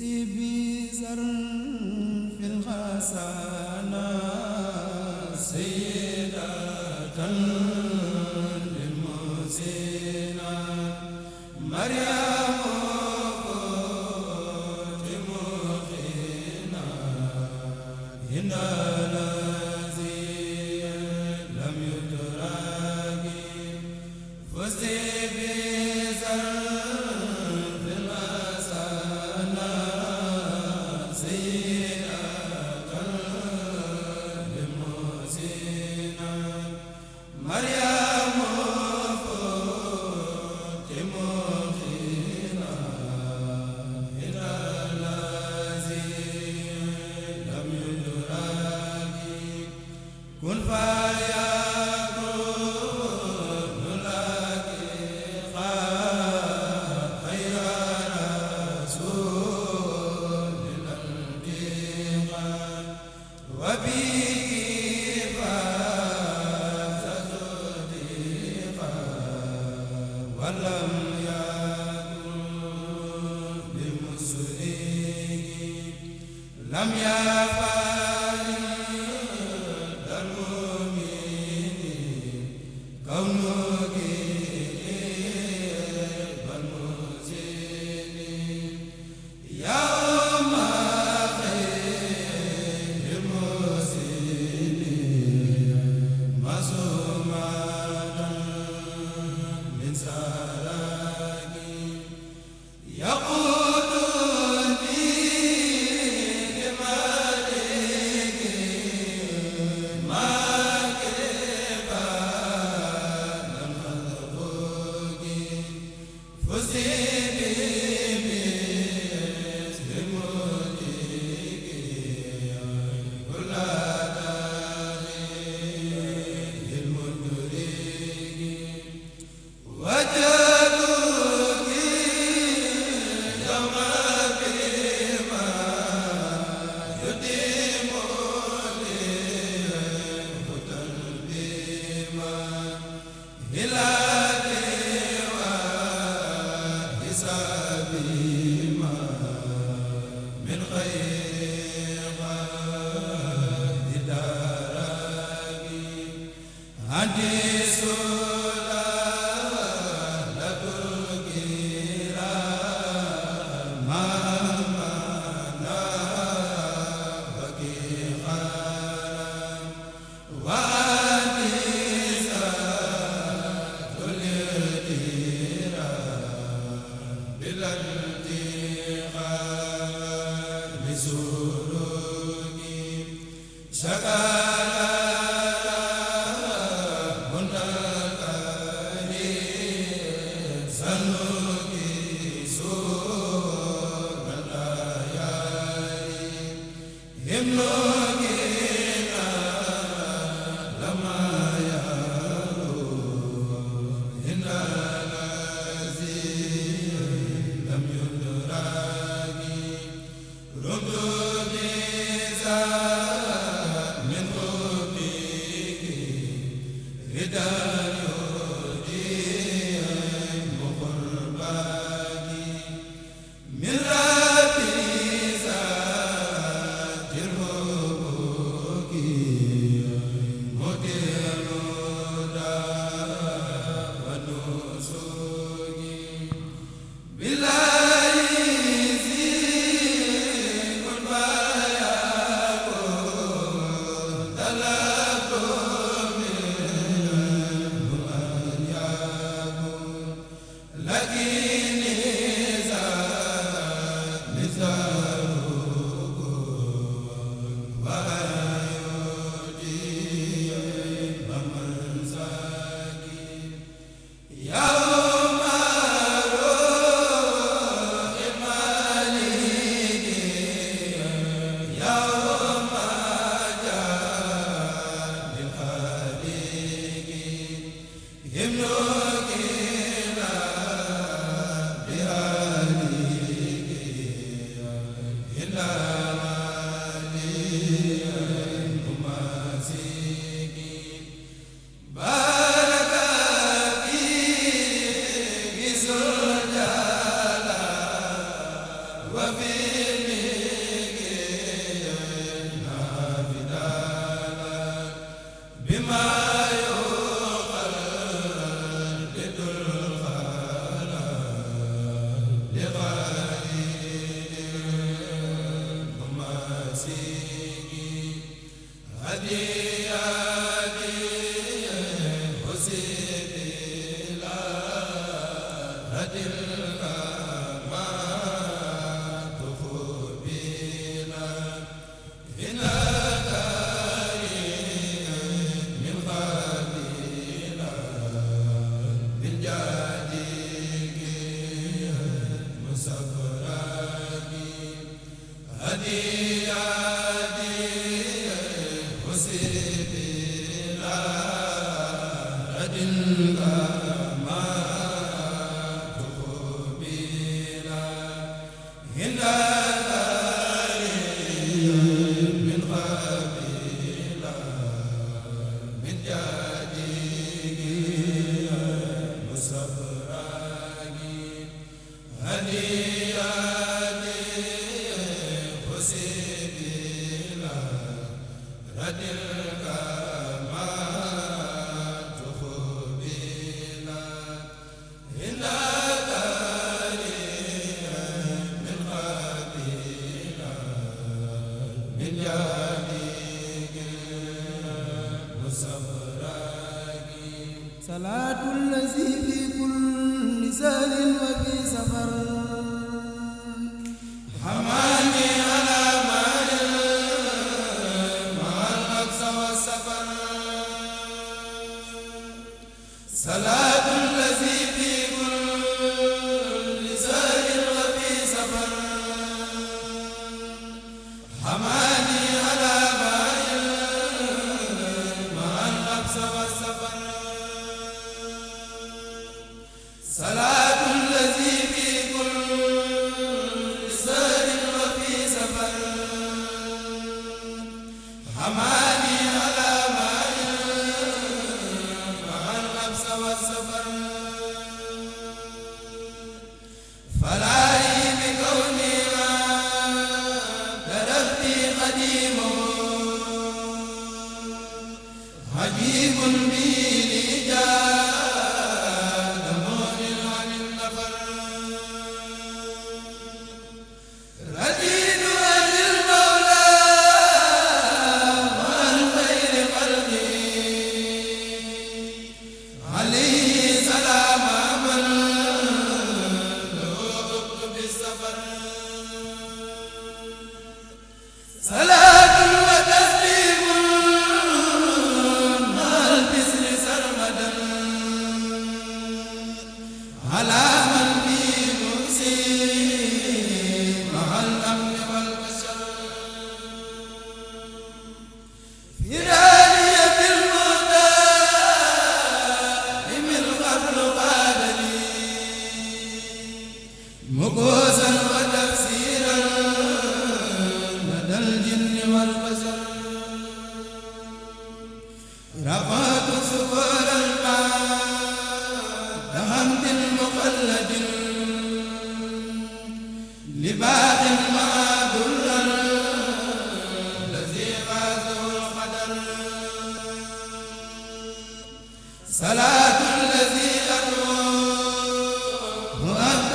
bi zar fil xasa am salaatu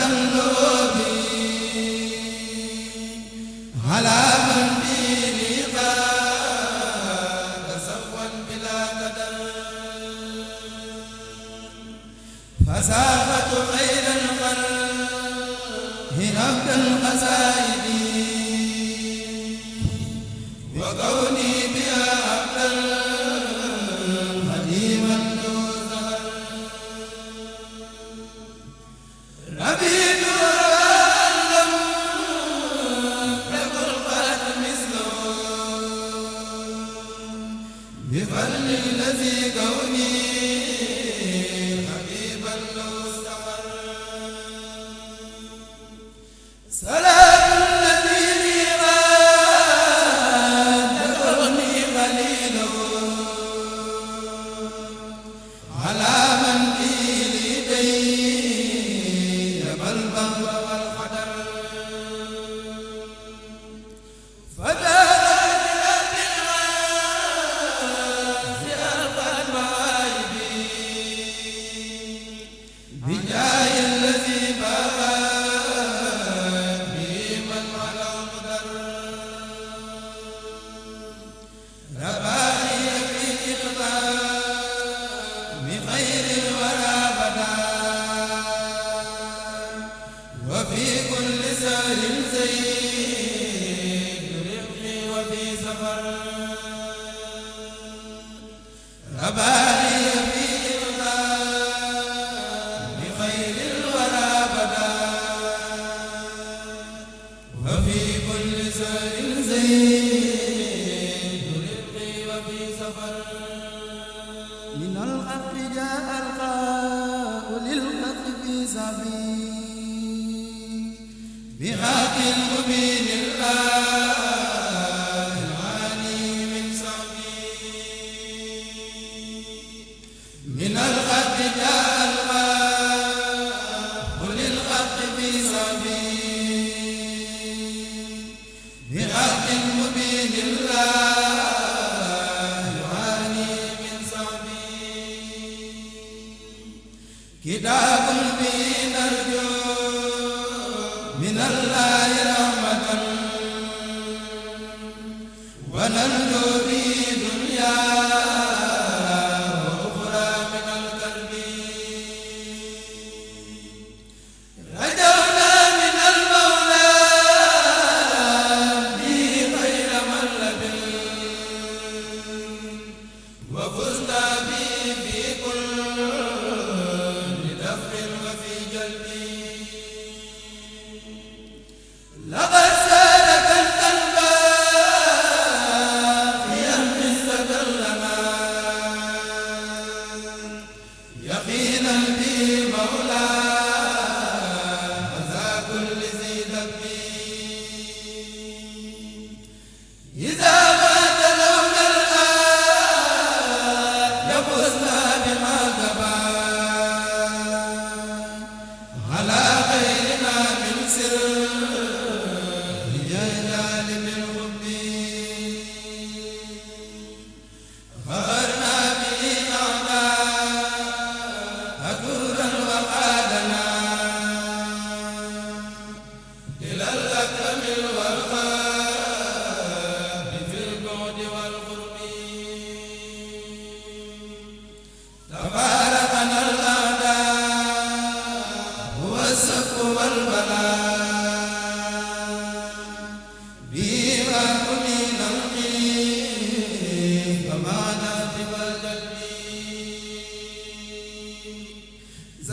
la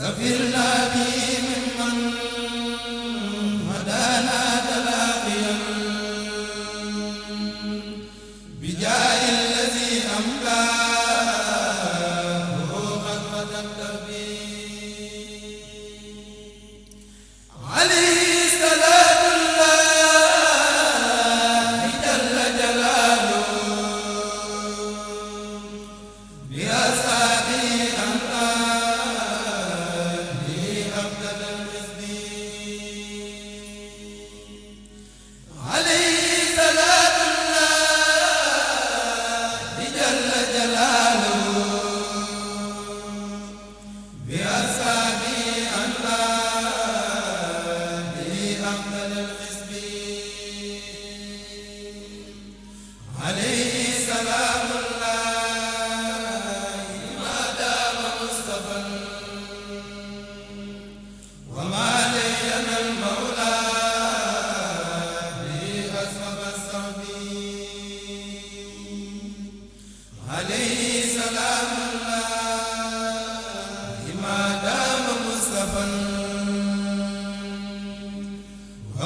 safir la bi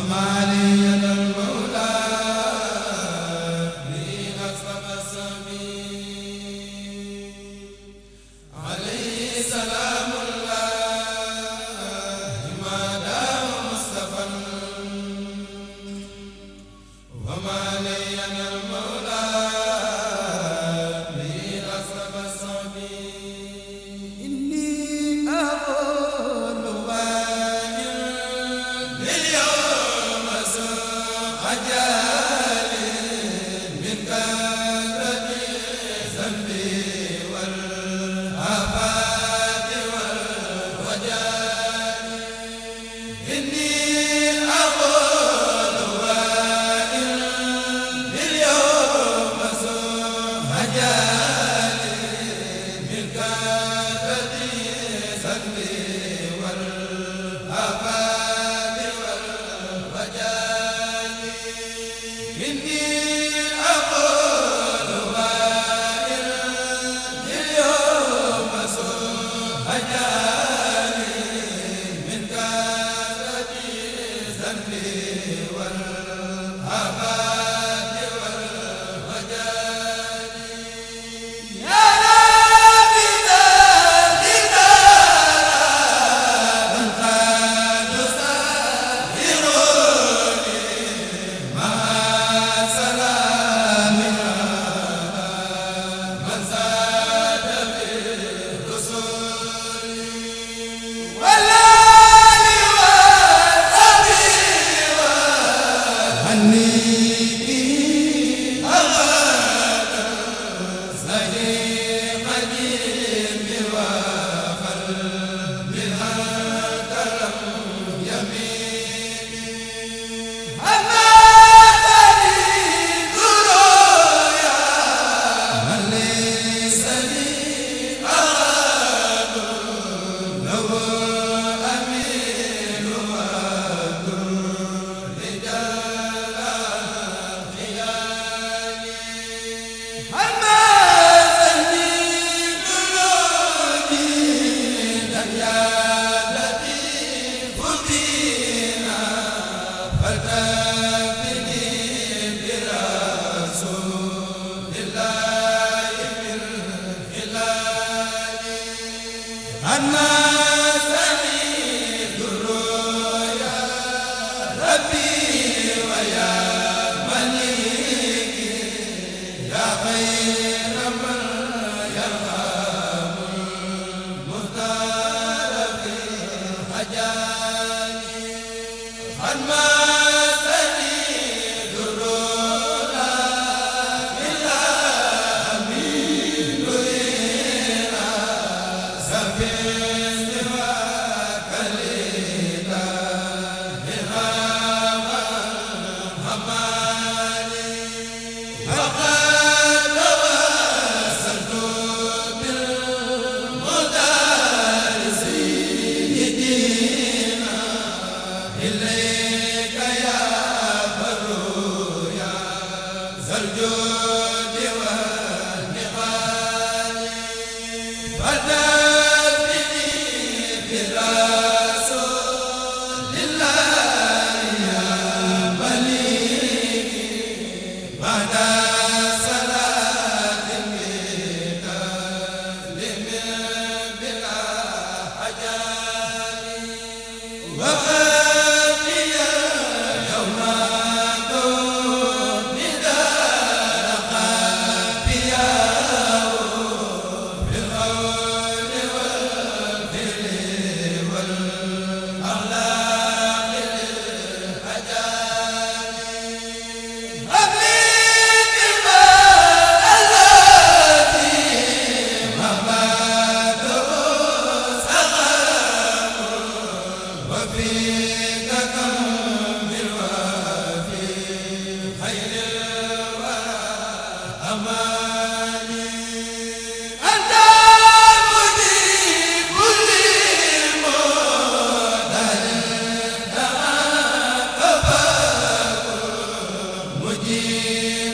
ma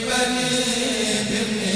بني بني